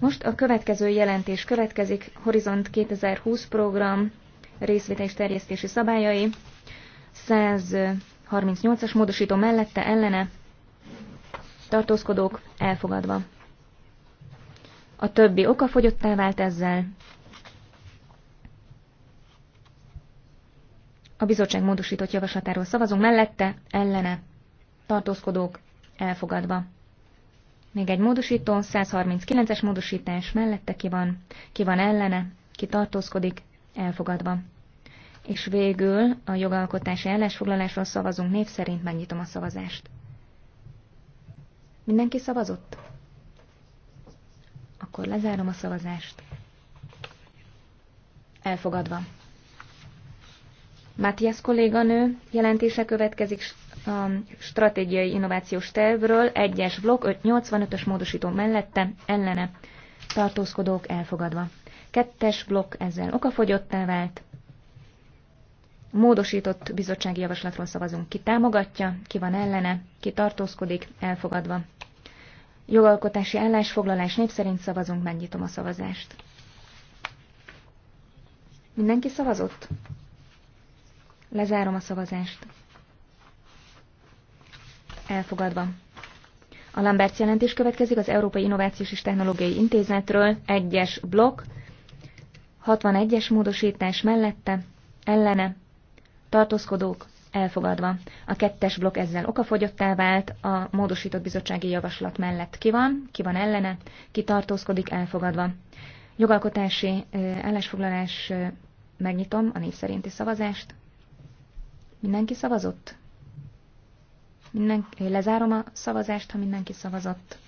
Most a következő jelentés következik, Horizont 2020 program részvétel és terjesztési szabályai, 138-as módosító mellette ellene, tartózkodók elfogadva. A többi oka fogyottá vált ezzel. A bizottság módosított javaslatáról szavazunk mellette, ellene, tartózkodók elfogadva. Még egy módosító, 139-es módosítás mellette ki van, ki van ellene, ki tartózkodik, elfogadva. És végül a jogalkotási ellensfoglalásról szavazunk név szerint, megnyitom a szavazást. Mindenki szavazott? Akkor lezárom a szavazást. Elfogadva. Matthias kolléganő jelentése következik a stratégiai innovációs tervről, egyes blokk 585-ös módosító mellette, ellene tartózkodók elfogadva. Kettes blokk ezzel okafogyottá vált. Módosított bizottsági javaslatról szavazunk. Ki támogatja, ki van ellene, ki tartózkodik, elfogadva. Jogalkotási állásfoglalás népszerint szavazunk, megnyitom a szavazást. Mindenki szavazott? Lezárom a szavazást. Elfogadva. A Lambert jelentés következik az Európai Innovációs és Technológiai Intézetről, egyes blokk, 61-es módosítás mellette, ellene, tartózkodók, elfogadva. A kettes blokk ezzel okafogyottá vált, a módosított bizottsági javaslat mellett ki van, ki van ellene, ki tartózkodik, elfogadva. Jogalkotási állásfoglalás megnyitom a név szerinti szavazást. Mindenki szavazott? Minden, lezárom a szavazást, ha mindenki szavazott.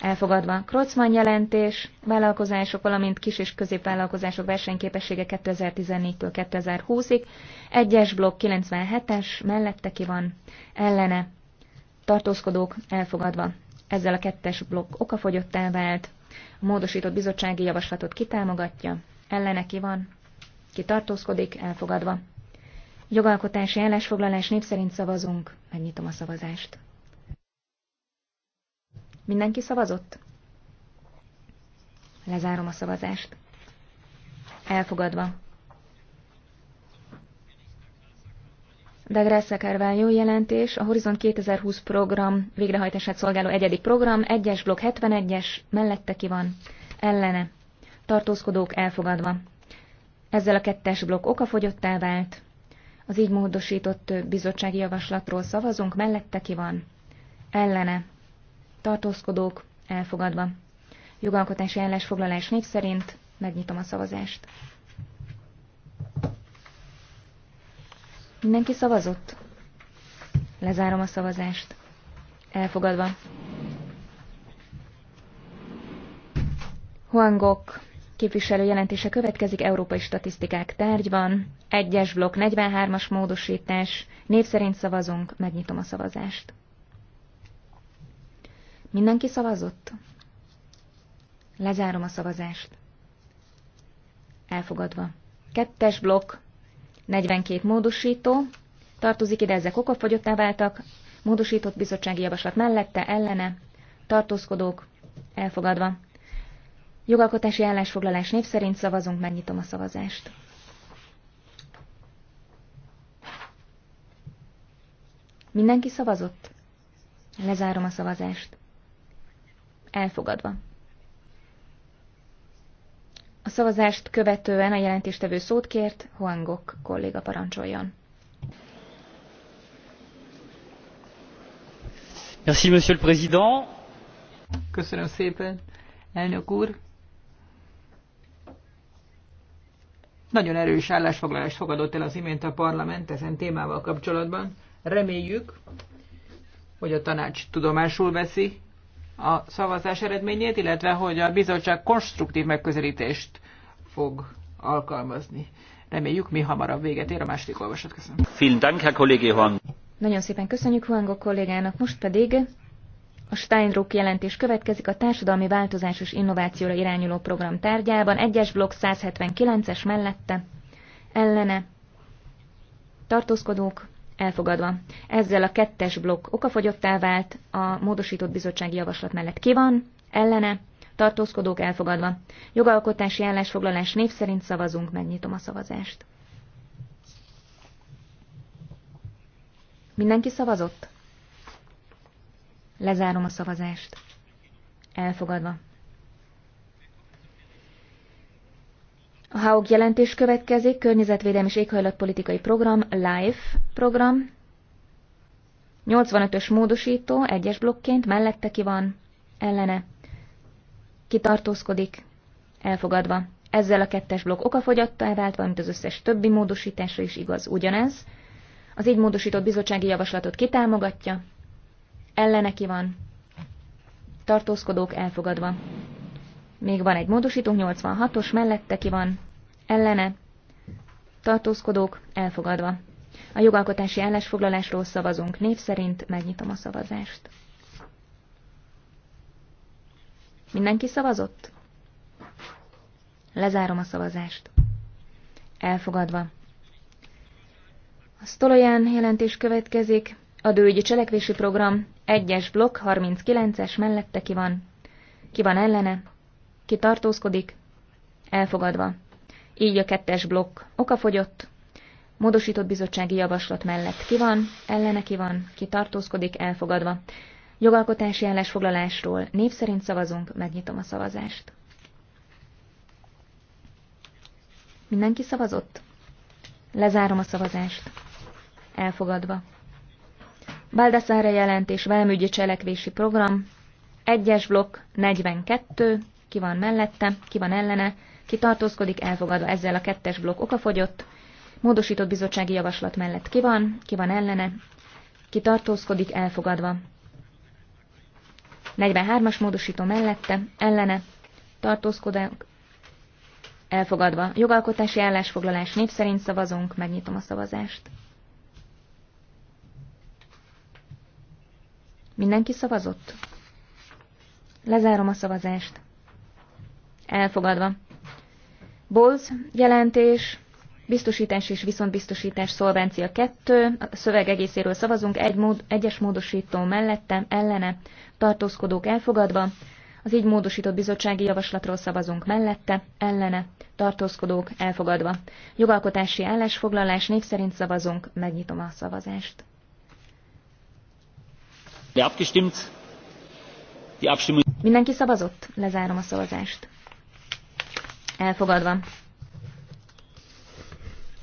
Elfogadva. Krocman jelentés, vállalkozások, valamint kis- és középvállalkozások versenyképessége 2014-től 2020-ig. Egyes blokk 97-es, mellette ki van, ellene. Tartózkodók elfogadva. Ezzel a kettes blokk okafogyott elvált. A módosított bizottsági javaslatot kitámogatja, ellene ki van, ki tartózkodik, elfogadva. Jogalkotási állásfoglalás név szerint szavazunk. Megnyitom a szavazást. Mindenki szavazott? Lezárom a szavazást. Elfogadva. De Carvalho jelentés, a Horizont 2020 program végrehajtását szolgáló egyedik program, 1-es blokk 71-es, mellette ki van, ellene, tartózkodók elfogadva. Ezzel a kettes blokk okafogyottá vált, az így módosított bizottsági javaslatról szavazunk, mellette ki van? Ellene. Tartózkodók, elfogadva. Jogalkotási állásfoglalás név szerint megnyitom a szavazást. Mindenki szavazott? Lezárom a szavazást. Elfogadva. Huangok képviselő jelentése következik európai statisztikák tárgyban. Egyes blokk 43-as módosítás. Név szerint szavazunk, megnyitom a szavazást. Mindenki szavazott? Lezárom a szavazást. Elfogadva. Kettes blokk, 42 módosító. Tartozik ide, ezek okafogyottá váltak. Módosított bizottsági javaslat mellette, ellene. Tartózkodók, elfogadva. Jogalkotási állásfoglalás név szerint szavazunk, megnyitom a szavazást. Mindenki szavazott? Lezárom a szavazást. Elfogadva. A szavazást követően a jelentéstevő szót kért, Hoangok kolléga parancsoljon. Merci, monsieur le président. Köszönöm szépen, elnök úr. Nagyon erős állásfoglalást fogadott el az imént a parlament ezen témával kapcsolatban. Reméljük, hogy a tanács tudomásul veszi a szavazás eredményét, illetve hogy a bizottság konstruktív megközelítést fog alkalmazni. Reméljük, mi hamarabb véget ér a második olvasat. Köszönöm. Vielen Dank, Herr Kollege Nagyon szépen köszönjük Huango kollégának, most pedig a Steinruck jelentés következik a társadalmi változás és innovációra irányuló program tárgyában, egyes blokk 179-es mellette, ellene, tartózkodók, elfogadva. Ezzel a kettes blokk okafogyottá vált, a módosított bizottsági javaslat mellett ki van, ellene, tartózkodók elfogadva. Jogalkotási állásfoglalás név szerint szavazunk, megnyitom a szavazást. Mindenki szavazott? Lezárom a szavazást. Elfogadva. A HAUG jelentés következik, környezetvédelmi és éghajlatpolitikai program, LIFE program. 85-ös módosító, egyes blokként, mellette ki van, ellene. Kitartózkodik, elfogadva. Ezzel a kettes blokk okafogyatta vált, valamint az összes többi módosításra is igaz ugyanez. Az így módosított bizottsági javaslatot kitámogatja, ellene ki van, tartózkodók elfogadva. Még van egy módosító, 86-os, mellette ki van, ellene, tartózkodók elfogadva. A jogalkotási állásfoglalásról szavazunk név szerint, megnyitom a szavazást. Mindenki szavazott? Lezárom a szavazást. Elfogadva. A Stolojan jelentés következik, A adőügyi cselekvési program, egyes blokk 39-es mellette ki van. Ki van ellene? Ki tartózkodik? Elfogadva. Így a kettes blokk okafogyott. Módosított bizottsági javaslat mellett ki van, ellene ki van, ki tartózkodik, elfogadva. Jogalkotási állásfoglalásról név szerint szavazunk, megnyitom a szavazást. Mindenki szavazott? Lezárom a szavazást. Elfogadva. Baldassare jelentés, Velmügyi cselekvési program, egyes blokk 42, ki van mellette, ki van ellene, ki tartózkodik elfogadva ezzel a kettes blokk okafogyott, módosított bizottsági javaslat mellett ki van, ki van ellene, ki tartózkodik elfogadva. 43-as módosító mellette, ellene, tartózkodik elfogadva. Jogalkotási állásfoglalás név szerint szavazunk, megnyitom a szavazást. Mindenki szavazott? Lezárom a szavazást. Elfogadva. Bolz jelentés, biztosítás és viszontbiztosítás szolvencia 2, a szöveg egészéről szavazunk, egy mód, egyes módosító mellettem, ellene, tartózkodók elfogadva, az így módosított bizottsági javaslatról szavazunk mellette, ellene, tartózkodók elfogadva. Jogalkotási állásfoglalás név szerint szavazunk, megnyitom a szavazást. Mindenki szavazott? Lezárom a szavazást. Elfogadva.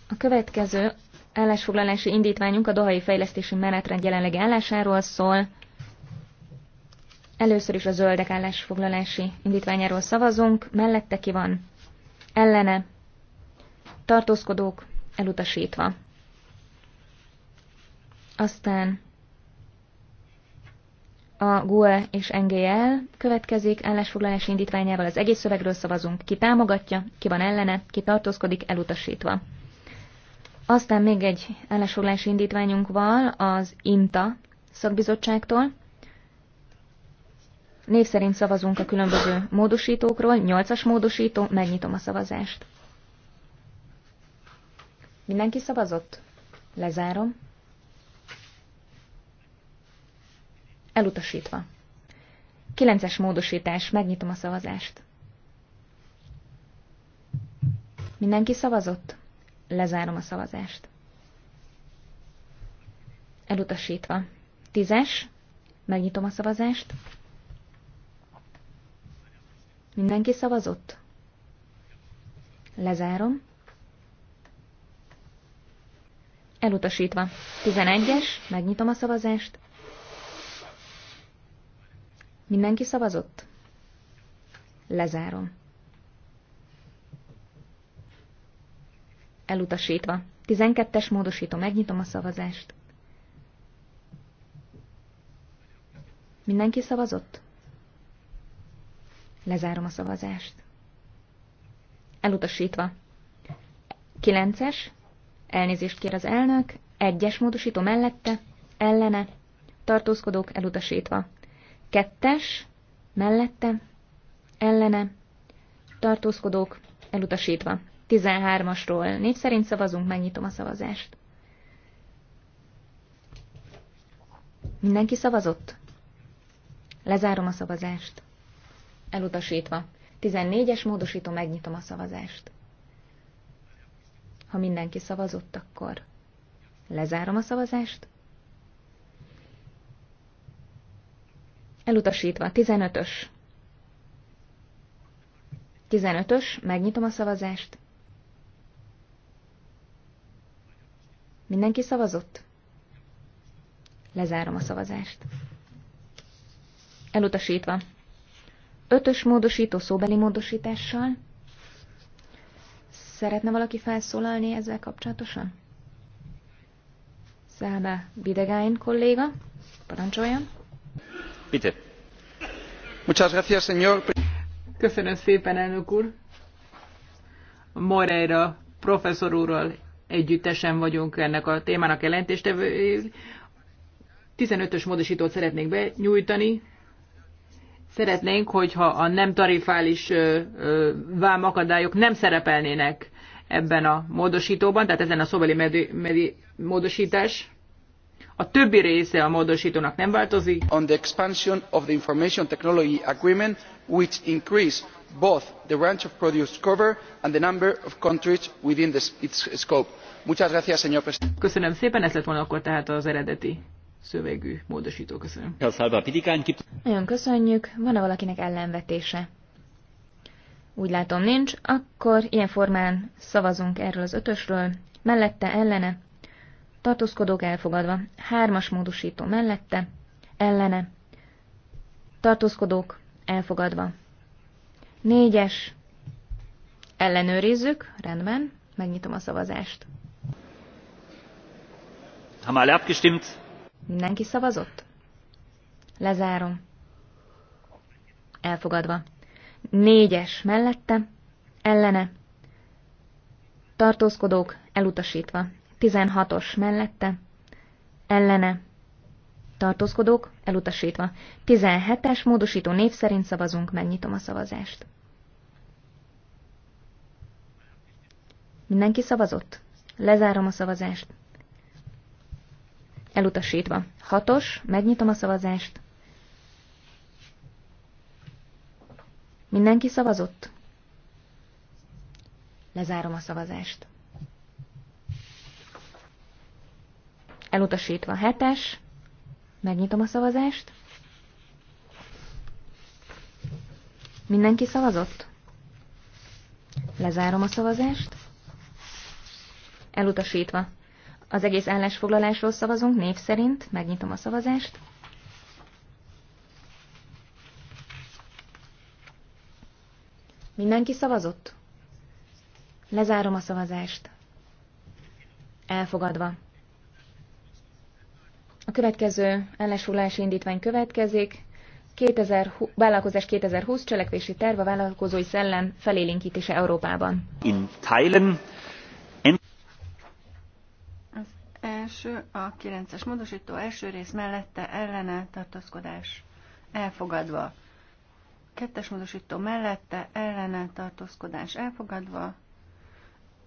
A következő állásfoglalási indítványunk a Dohai Fejlesztési Menetrend jelenlegi állásáról szól. Először is a zöldek állásfoglalási indítványáról szavazunk. Mellette ki van? Ellene. Tartózkodók elutasítva. Aztán a GUE és NGL következik állásfoglalási indítványával az egész szövegről szavazunk, ki támogatja, ki van ellene, ki tartózkodik, elutasítva. Aztán még egy állásfoglalási indítványunk van az INTA szakbizottságtól. Név szerint szavazunk a különböző módosítókról, 8-as módosító, megnyitom a szavazást. Mindenki szavazott? Lezárom. Elutasítva. Kilences módosítás, megnyitom a szavazást. Mindenki szavazott? Lezárom a szavazást. Elutasítva. Tízes, megnyitom a szavazást. Mindenki szavazott? Lezárom. Elutasítva. 11-es, megnyitom a szavazást. Mindenki szavazott? Lezárom. Elutasítva. 12-es módosító, megnyitom a szavazást. Mindenki szavazott? Lezárom a szavazást. Elutasítva. 9-es, elnézést kér az elnök, egyes módosító mellette, ellene, tartózkodók elutasítva. Kettes, mellette, ellene, tartózkodók, elutasítva. 13-asról négy szerint szavazunk, megnyitom a szavazást. Mindenki szavazott? Lezárom a szavazást. Elutasítva. 14-es módosító, megnyitom a szavazást. Ha mindenki szavazott, akkor lezárom a szavazást. Elutasítva. 15-ös. 15-ös. Megnyitom a szavazást. Mindenki szavazott? Lezárom a szavazást. Elutasítva. Ötös módosító szóbeli módosítással. Szeretne valaki felszólalni ezzel kapcsolatosan? Szába Bidegáin kolléga, parancsoljon. Köszönöm szépen, elnök úr. Moreira professzor úrral együttesen vagyunk ennek a témának jelentéstevői. 15-ös módosítót szeretnék benyújtani. Szeretnénk, hogyha a nem tarifális vámakadályok nem szerepelnének ebben a módosítóban, tehát ezen a szóbeli medi- módosítás. A többi része a módosítónak nem változik. On the expansion of the information technology agreement, which increase both the range of produce cover and the number of countries within the, its scope. Muchas gracias, señor presidente. Köszönöm szépen, ez lett volna akkor tehát az eredeti szövegű módosító. Köszönöm. Nagyon köszönjük. Van-e valakinek ellenvetése? Úgy látom nincs, akkor ilyen formán szavazunk erről az ötösről, mellette ellene tartózkodók elfogadva, hármas módosító mellette, ellene, tartózkodók elfogadva. Négyes, ellenőrizzük, rendben, megnyitom a szavazást. Haben abgestimmt? Mindenki szavazott? Lezárom. Elfogadva. Négyes mellette, ellene, tartózkodók elutasítva. 16-os mellette, ellene, tartózkodók, elutasítva. 17-es módosító név szerint szavazunk, megnyitom a szavazást. Mindenki szavazott? Lezárom a szavazást. Elutasítva. Hatos, megnyitom a szavazást. Mindenki szavazott? Lezárom a szavazást. Elutasítva hetes. Megnyitom a szavazást. Mindenki szavazott? Lezárom a szavazást. Elutasítva. Az egész állásfoglalásról szavazunk név szerint. Megnyitom a szavazást. Mindenki szavazott? Lezárom a szavazást. Elfogadva. A következő ellensúlási indítvány következik. 2000, vállalkozás 2020 cselekvési terv a vállalkozói szellem felélinkítése Európában. In Thailand. Az első, a 9-es módosító első rész mellette ellene tartózkodás elfogadva. Kettes módosító mellette ellene tartózkodás elfogadva.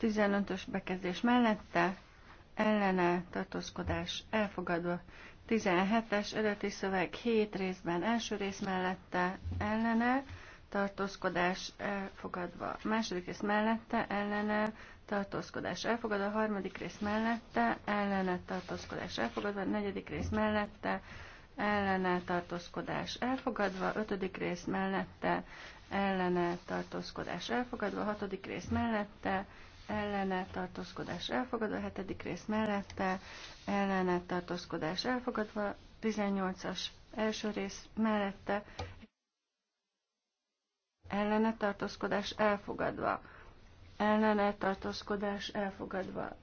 15-ös bekezdés mellette ellene tartózkodás elfogadva. 17-es eredeti szöveg 7 részben első rész mellette ellene tartózkodás elfogadva. Második rész mellette ellene tartózkodás elfogadva. Harmadik rész mellette ellene tartózkodás elfogadva. Negyedik rész mellette ellene tartózkodás elfogadva, ötödik rész mellette ellene tartózkodás elfogadva, hatodik rész mellette ellene tartózkodás elfogadva, a hetedik rész mellette ellene tartózkodás elfogadva, 18-as első rész mellette ellene tartózkodás elfogadva, ellene tartózkodás elfogadva,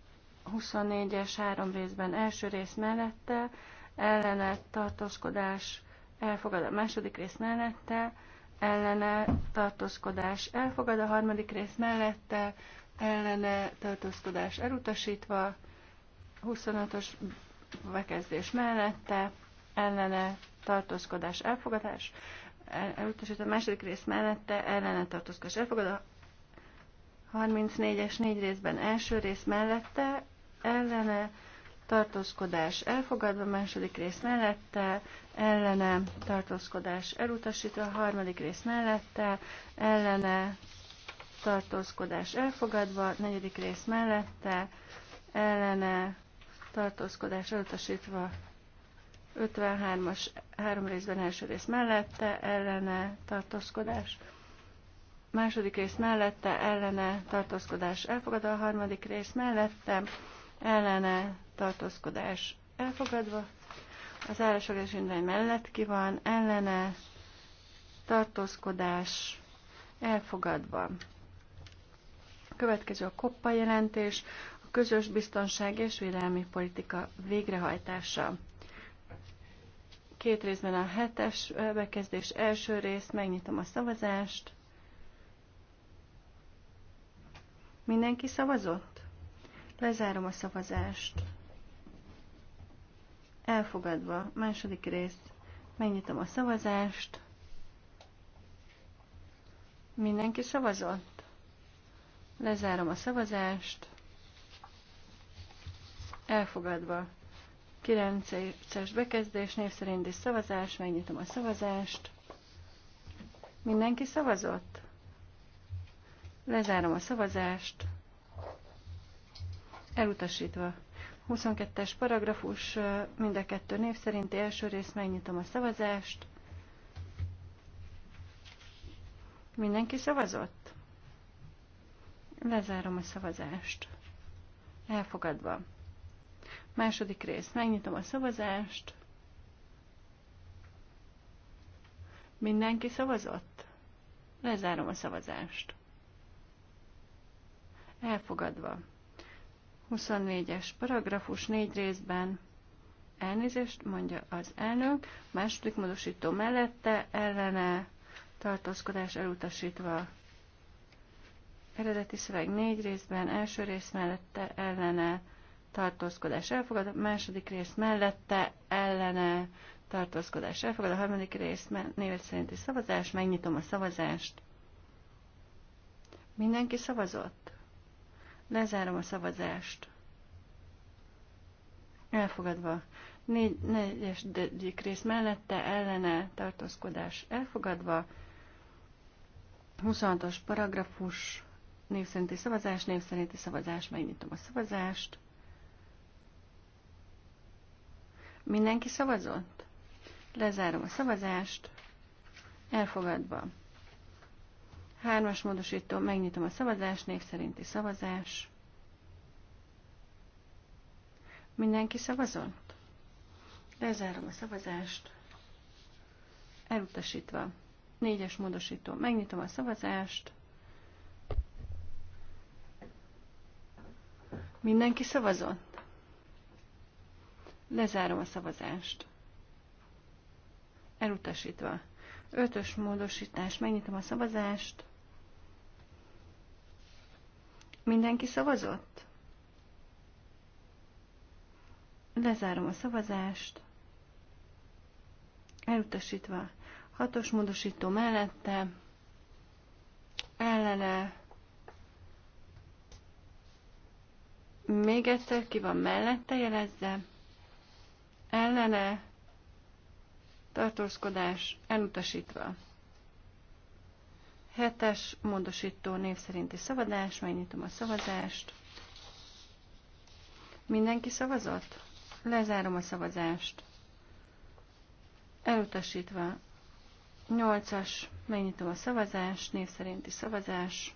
24-es három részben első rész mellette, ellene tartózkodás elfogadva, a második rész mellette, ellene tartózkodás elfogad a harmadik rész mellette, ellene tartózkodás elutasítva, 26-os bekezdés mellette, ellene tartózkodás elfogadás, elutasítva a második rész mellette, ellene tartózkodás elfogadás, 34-es négy részben első rész mellette, ellene tartózkodás elfogadva, második rész mellette, ellene tartózkodás elutasítva, harmadik rész mellette, ellene tartózkodás elfogadva, negyedik rész mellette, ellene tartózkodás elutasítva, 53-as három részben első rész mellette, ellene tartózkodás, második rész mellette, ellene tartózkodás elfogadva, a harmadik rész mellette, ellene tartózkodás elfogadva, az állásfoglalás indulni mellett ki van, ellene tartózkodás elfogadva. Következő a koppa jelentés, a közös biztonság és védelmi politika végrehajtása. Két részben a hetes bekezdés első rész, megnyitom a szavazást. Mindenki szavazott? Lezárom a szavazást. Elfogadva. Második rész. Megnyitom a szavazást. Mindenki szavazott? Lezárom a szavazást. Elfogadva. 9-es bekezdés, név szerinti szavazás, megnyitom a szavazást. Mindenki szavazott? Lezárom a szavazást. Elutasítva. 22-es paragrafus, mind a kettő név szerinti első rész, megnyitom a szavazást. Mindenki szavazott? Lezárom a szavazást. Elfogadva. Második rész. Megnyitom a szavazást. Mindenki szavazott? Lezárom a szavazást. Elfogadva. 24-es paragrafus négy részben. Elnézést mondja az elnök. Második módosító mellette ellene tartózkodás elutasítva. Eredeti szöveg négy részben, első rész mellette ellene tartózkodás elfogadva, második rész mellette ellene tartózkodás elfogadva, a harmadik rész névet szerinti szavazás, megnyitom a szavazást. Mindenki szavazott? Lezárom a szavazást. Elfogadva. Négy, negyedik rész mellette ellene tartózkodás elfogadva. 26-os paragrafus Név szerinti szavazás, név szerinti szavazás, megnyitom a szavazást. Mindenki szavazott? Lezárom a szavazást. Elfogadva. Hármas módosító, megnyitom a szavazást, név szerinti szavazás. Mindenki szavazott? Lezárom a szavazást. Elutasítva. Négyes módosító, megnyitom a szavazást. Mindenki szavazott? Lezárom a szavazást. Elutasítva. Ötös módosítás. Megnyitom a szavazást. Mindenki szavazott? Lezárom a szavazást. Elutasítva. Hatos módosító mellette. Ellene Még egyszer, ki van mellette, jelezze. Ellene tartózkodás elutasítva. Hetes módosító név szerinti szavazás, megnyitom a szavazást. Mindenki szavazott? Lezárom a szavazást. Elutasítva. Nyolcas megnyitom a szavazást, név szerinti szavazás.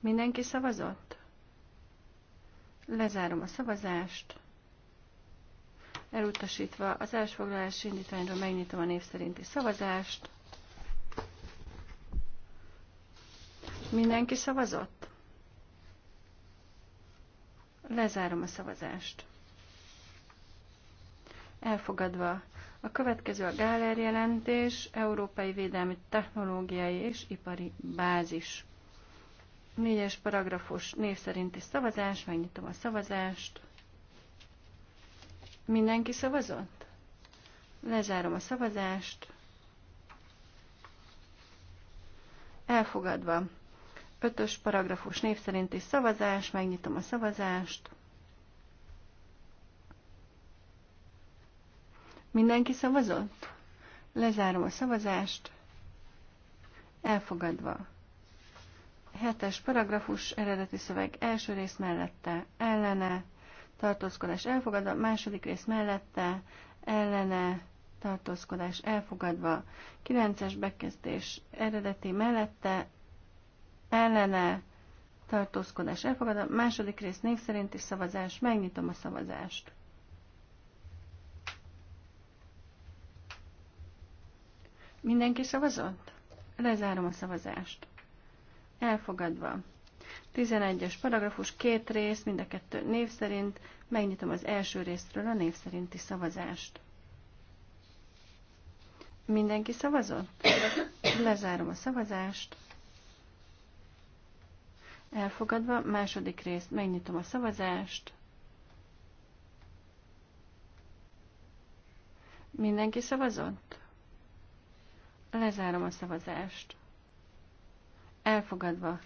Mindenki szavazott? Lezárom a szavazást. Elutasítva az elsfoglalási indítványról megnyitom a név szerinti szavazást. Mindenki szavazott? Lezárom a szavazást. Elfogadva. A következő a Gáler jelentés, Európai Védelmi Technológiai és Ipari Bázis. Négyes paragrafus név szerinti szavazás, megnyitom a szavazást. Mindenki szavazott? Lezárom a szavazást. Elfogadva. Ötös paragrafus név szerinti szavazás, megnyitom a szavazást. Mindenki szavazott? Lezárom a szavazást. Elfogadva. Hetes paragrafus, eredeti szöveg első rész mellette, ellene, tartózkodás elfogadva, második rész mellette, ellene, tartózkodás elfogadva, kilences bekezdés eredeti mellette, ellene, tartózkodás elfogadva, második rész név szerinti szavazás, megnyitom a szavazást. Mindenki szavazott? Lezárom a szavazást elfogadva. 11-es paragrafus, két rész, mind a kettő név szerint. Megnyitom az első részről a név szerinti szavazást. Mindenki szavazott? Lezárom a szavazást. Elfogadva, második rész, megnyitom a szavazást. Mindenki szavazott? Lezárom a szavazást elfogadva.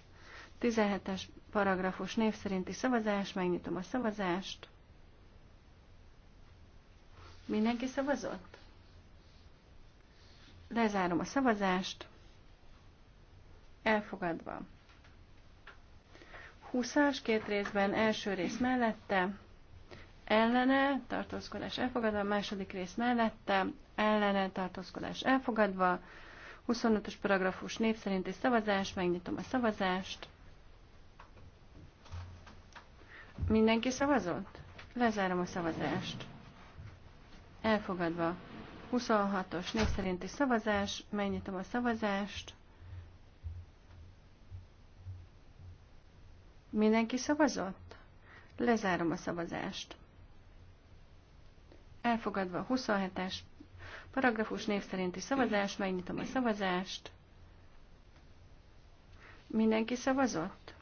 17-es paragrafus név szerinti szavazás, megnyitom a szavazást. Mindenki szavazott? Lezárom a szavazást. Elfogadva. 20-as két részben első rész mellette, ellene, tartózkodás elfogadva, második rész mellette, ellene, tartózkodás elfogadva, 25-ös paragrafus név szerinti szavazás, megnyitom a szavazást. Mindenki szavazott? Lezárom a szavazást. Elfogadva. 26-os név szerinti szavazás, megnyitom a szavazást. Mindenki szavazott? Lezárom a szavazást. Elfogadva a 27-es Paragrafus név szerinti szavazás, megnyitom a szavazást. Mindenki szavazott?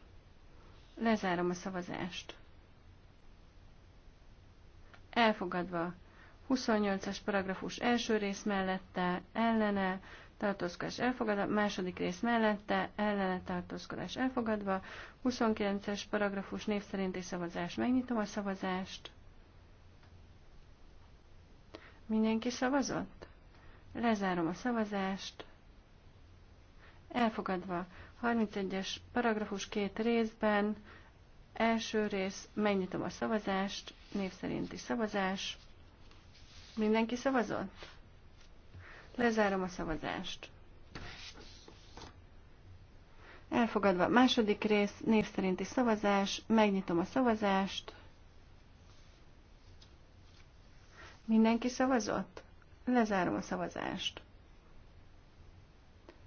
Lezárom a szavazást. Elfogadva. 28-as paragrafus első rész mellette, ellene, tartózkodás elfogadva, második rész mellette, ellene tartózkodás elfogadva, 29-es paragrafus név szerinti szavazás, megnyitom a szavazást. Mindenki szavazott? Lezárom a szavazást. Elfogadva. 31-es paragrafus két részben. Első rész, megnyitom a szavazást, név szerinti szavazás. Mindenki szavazott? Lezárom a szavazást. Elfogadva. Második rész, név szerinti szavazás, megnyitom a szavazást. Mindenki szavazott? Lezárom a szavazást.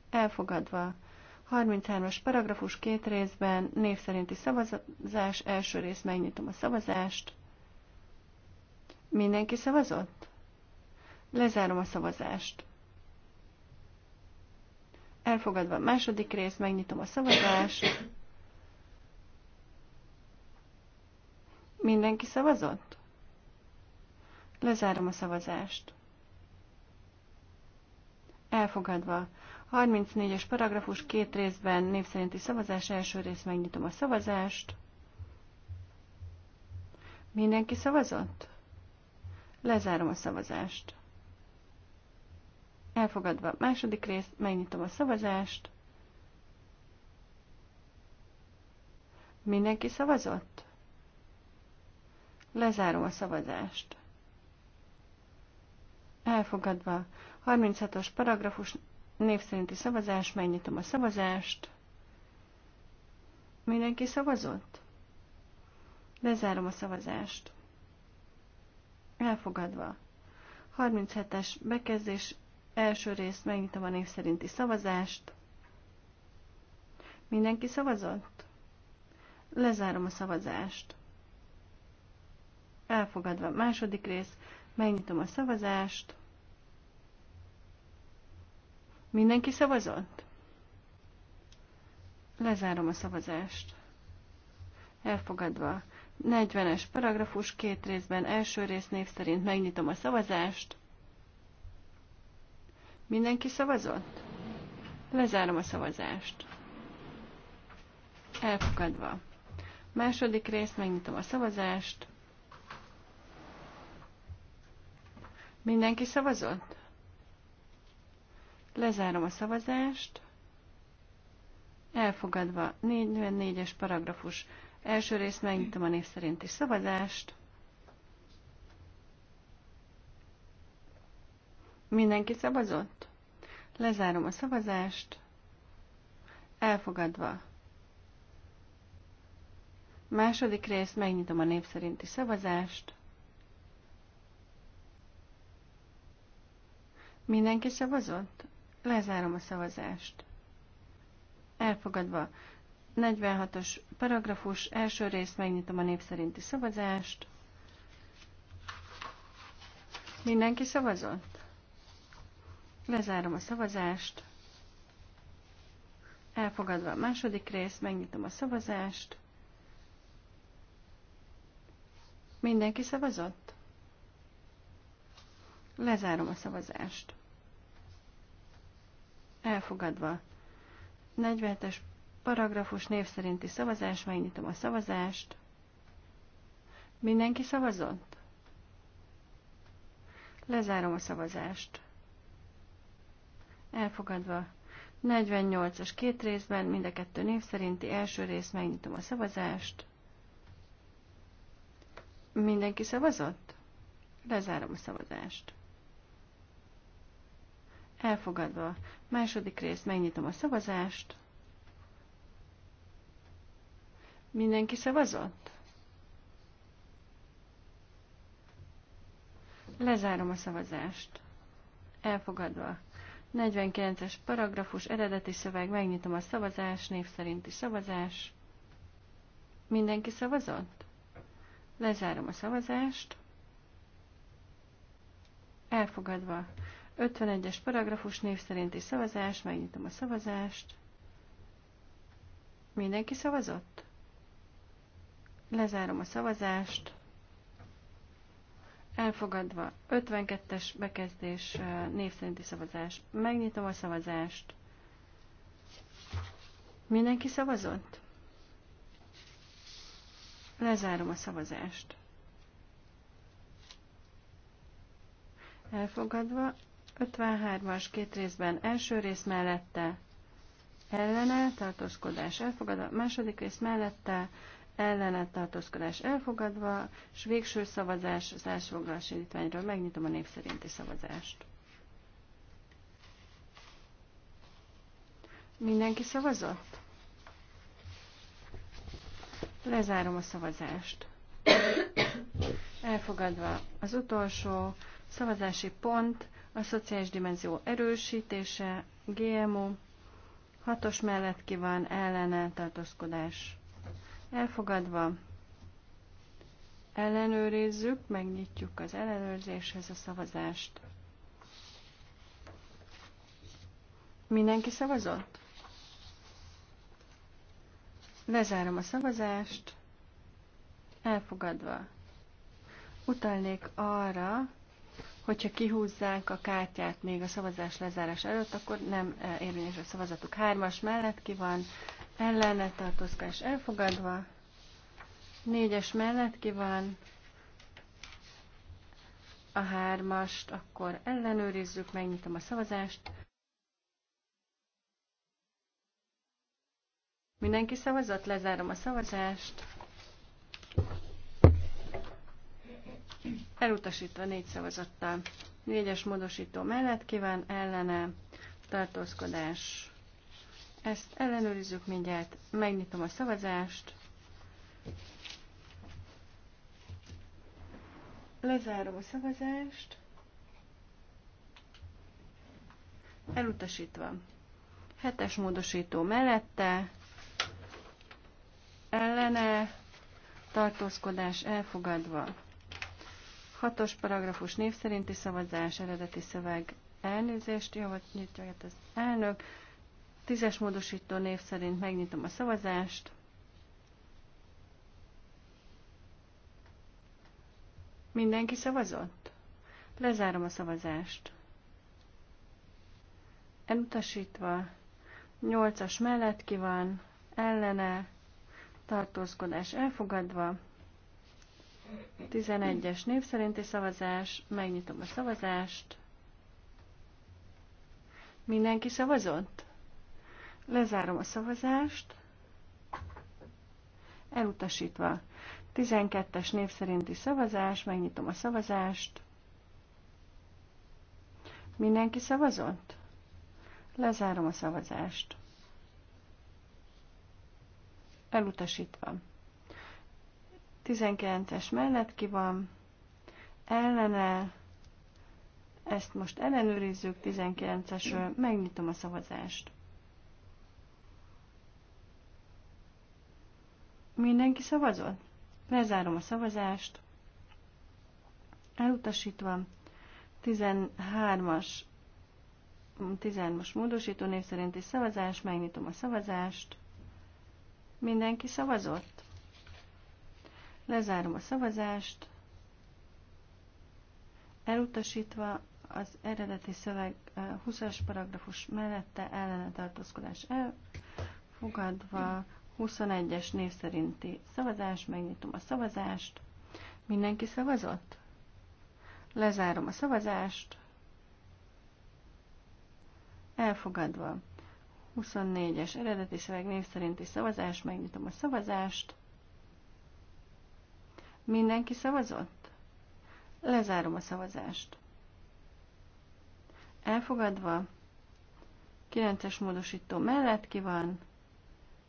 Elfogadva. 33-as paragrafus két részben, név szerinti szavazás, első rész megnyitom a szavazást. Mindenki szavazott? Lezárom a szavazást. Elfogadva a második rész, megnyitom a szavazást. Mindenki szavazott? Lezárom a szavazást. Elfogadva. 34-es paragrafus két részben népszerinti szavazás. Első rész megnyitom a szavazást. Mindenki szavazott? Lezárom a szavazást. Elfogadva. Második rész, megnyitom a szavazást. Mindenki szavazott? Lezárom a szavazást elfogadva. 36-os paragrafus név szerinti szavazás, megnyitom a szavazást. Mindenki szavazott? Lezárom a szavazást. Elfogadva. 37-es bekezdés első részt megnyitom a név szerinti szavazást. Mindenki szavazott? Lezárom a szavazást. Elfogadva. Második rész Megnyitom a szavazást. Mindenki szavazott? Lezárom a szavazást. Elfogadva. 40-es paragrafus két részben első rész név szerint megnyitom a szavazást. Mindenki szavazott? Lezárom a szavazást. Elfogadva. Második rész, megnyitom a szavazást. Mindenki szavazott? Lezárom a szavazást. Elfogadva 44-es paragrafus első rész, megnyitom a név szerinti szavazást. Mindenki szavazott? Lezárom a szavazást. Elfogadva. Második rész, megnyitom a név szerinti szavazást. Mindenki szavazott? Lezárom a szavazást. Elfogadva. 46-os paragrafus, első rész, megnyitom a népszerinti szavazást. Mindenki szavazott? Lezárom a szavazást. Elfogadva a második rész, megnyitom a szavazást. Mindenki szavazott? Lezárom a szavazást elfogadva. 47-es paragrafus név szerinti szavazás, megnyitom a szavazást. Mindenki szavazott? Lezárom a szavazást. Elfogadva. 48-as két részben, mind a kettő név szerinti első rész, megnyitom a szavazást. Mindenki szavazott? Lezárom a szavazást. Elfogadva. Második rész, megnyitom a szavazást. Mindenki szavazott? Lezárom a szavazást. Elfogadva. 49-es paragrafus, eredeti szöveg, megnyitom a szavazás, név szerinti szavazás. Mindenki szavazott? Lezárom a szavazást. Elfogadva. 51-es paragrafus név szerinti szavazás, megnyitom a szavazást. Mindenki szavazott? Lezárom a szavazást. Elfogadva 52-es bekezdés név szerinti szavazás. Megnyitom a szavazást. Mindenki szavazott? Lezárom a szavazást. Elfogadva 53-as két részben első rész mellette ellene tartózkodás elfogadva, második rész mellette ellene tartózkodás elfogadva, és végső szavazás az elsfoglalás indítványról. Megnyitom a népszerinti szavazást. Mindenki szavazott? Lezárom a szavazást. Elfogadva az utolsó szavazási pont, a szociális dimenzió erősítése, GMO, hatos mellett ki van ellene tartózkodás. Elfogadva ellenőrizzük, megnyitjuk az ellenőrzéshez a szavazást. Mindenki szavazott? Lezárom a szavazást. Elfogadva. Utalnék arra, Hogyha kihúzzák a kártyát még a szavazás lezárás előtt, akkor nem eh, érvényes a szavazatuk. Hármas mellett ki van, ellene tartózkás elfogadva. Négyes mellett ki van, a hármast, akkor ellenőrizzük, megnyitom a szavazást. Mindenki szavazott, lezárom a szavazást. elutasítva négy szavazattal. Négyes módosító mellett kíván ellene tartózkodás. Ezt ellenőrizzük mindjárt, megnyitom a szavazást. Lezárom a szavazást. Elutasítva. Hetes módosító mellette, ellene, tartózkodás elfogadva. Hatos paragrafus név szerinti szavazás, eredeti szöveg elnézést, jó, nyitja az elnök. Tízes módosító név szerint megnyitom a szavazást. Mindenki szavazott? Lezárom a szavazást. Elutasítva, nyolcas mellett ki van, ellene, tartózkodás elfogadva, 11-es név szerinti szavazás, megnyitom a szavazást. Mindenki szavazott? Lezárom a szavazást. Elutasítva. 12-es név szerinti szavazás, megnyitom a szavazást. Mindenki szavazott? Lezárom a szavazást. Elutasítva. 19-es mellett ki van, ellene, ezt most ellenőrizzük, 19-esről megnyitom a szavazást. Mindenki szavazott? Lezárom a szavazást. Elutasítva. 13-as 13-as módosító név szerinti szavazás, megnyitom a szavazást. Mindenki szavazott? Lezárom a szavazást. Elutasítva az eredeti szöveg 20-as paragrafus mellette ellene tartózkodás elfogadva, 21-es név szerinti szavazás, megnyitom a szavazást. Mindenki szavazott? Lezárom a szavazást. Elfogadva. 24-es eredeti szöveg név szerinti szavazás, megnyitom a szavazást. Mindenki szavazott? Lezárom a szavazást. Elfogadva. 9-es módosító mellett ki van?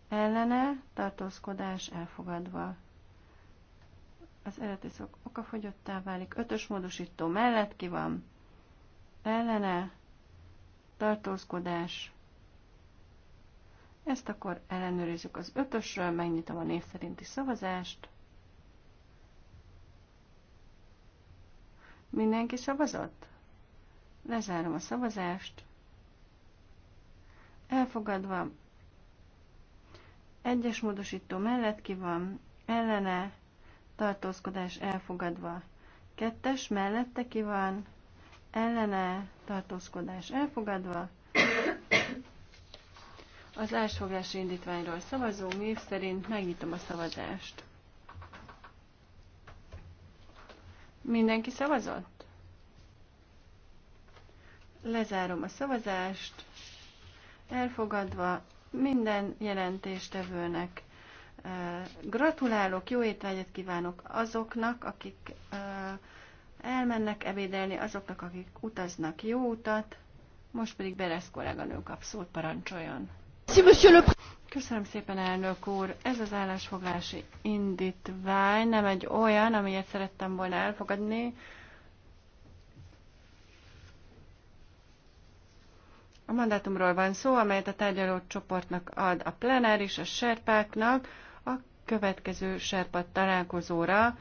Ellene, tartózkodás elfogadva. Az eredeti szok okafogyottá válik. 5-ös módosító mellett ki van? Ellene, tartózkodás. Ezt akkor ellenőrizzük az ötösről, megnyitom a név szerinti szavazást. Mindenki szavazott? Lezárom a szavazást. Elfogadva. Egyes módosító mellett ki van, ellene, tartózkodás elfogadva. Kettes mellette ki van, ellene, tartózkodás elfogadva. Az ásfogási indítványról szavazó név szerint megnyitom a szavazást. Mindenki szavazott? Lezárom a szavazást. Elfogadva minden jelentéstevőnek gratulálok, jó étvágyat kívánok azoknak, akik elmennek ebédelni, azoknak, akik utaznak jó utat. Most pedig Beresz kolléganő kap szót, parancsoljon. Köszönöm szépen, elnök úr. Ez az állásfoglási indítvány nem egy olyan, amilyet szerettem volna elfogadni. A mandátumról van szó, amelyet a tárgyaló csoportnak ad a plenáris, a serpáknak a következő serpat találkozóra,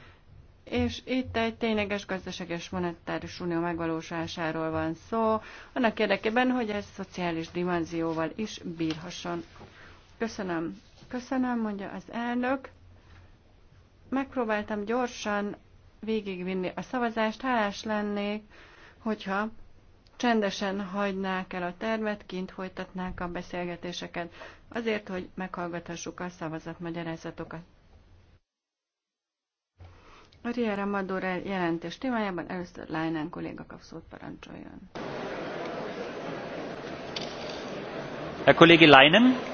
és itt egy tényleges gazdaság monetáris unió megvalósulásáról van szó, annak érdekében, hogy ez szociális dimenzióval is bírhasson. Köszönöm. Köszönöm, mondja az elnök. Megpróbáltam gyorsan végigvinni a szavazást. Hálás lennék, hogyha csendesen hagynák el a termet, kint folytatnák a beszélgetéseket, azért, hogy meghallgathassuk a szavazatmagyarázatokat. A Riera Madura jelentés témájában először Lájnán kolléga kap szót parancsoljon. A kollégi Leinen,